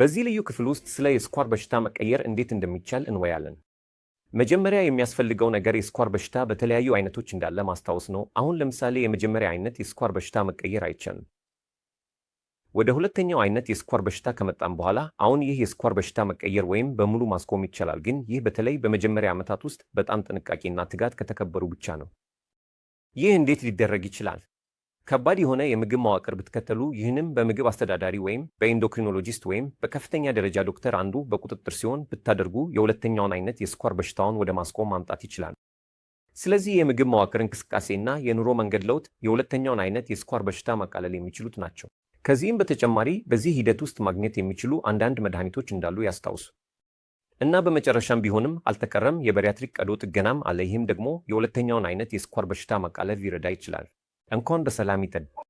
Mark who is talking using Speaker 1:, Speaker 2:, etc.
Speaker 1: በዚህ ልዩ ክፍል ውስጥ ስለ የስኳር በሽታ መቀየር እንዴት እንደሚቻል እንወያለን። መጀመሪያ የሚያስፈልገው ነገር የስኳር በሽታ በተለያዩ አይነቶች እንዳለ ማስታወስ ነው። አሁን ለምሳሌ የመጀመሪያ አይነት የስኳር በሽታ መቀየር አይቻልም። ወደ ሁለተኛው አይነት የስኳር በሽታ ከመጣም በኋላ አሁን ይህ የስኳር በሽታ መቀየር ወይም በሙሉ ማስቆም ይቻላል፣ ግን ይህ በተለይ በመጀመሪያ ዓመታት ውስጥ በጣም ጥንቃቄና ትጋት ከተከበሩ ብቻ ነው። ይህ እንዴት ሊደረግ ይችላል? ከባድ የሆነ የምግብ መዋቅር ብትከተሉ ይህንም በምግብ አስተዳዳሪ ወይም በኢንዶክሪኖሎጂስት ወይም በከፍተኛ ደረጃ ዶክተር አንዱ በቁጥጥር ሲሆን ብታደርጉ የሁለተኛውን አይነት የስኳር በሽታውን ወደ ማስቆም ማምጣት ይችላል። ስለዚህ የምግብ መዋቅር እንቅስቃሴና የኑሮ መንገድ ለውጥ የሁለተኛውን አይነት የስኳር በሽታ ማቃለል የሚችሉት ናቸው። ከዚህም በተጨማሪ በዚህ ሂደት ውስጥ ማግኘት የሚችሉ አንዳንድ መድኃኒቶች እንዳሉ ያስታውሱ። እና በመጨረሻም ቢሆንም አልተቀረም የበሪያትሪክ ቀዶ ጥገናም አለ። ይህም ደግሞ የሁለተኛውን አይነት የስኳር በሽታ ማቃለል ሊረዳ ይችላል። ang kondo salamitad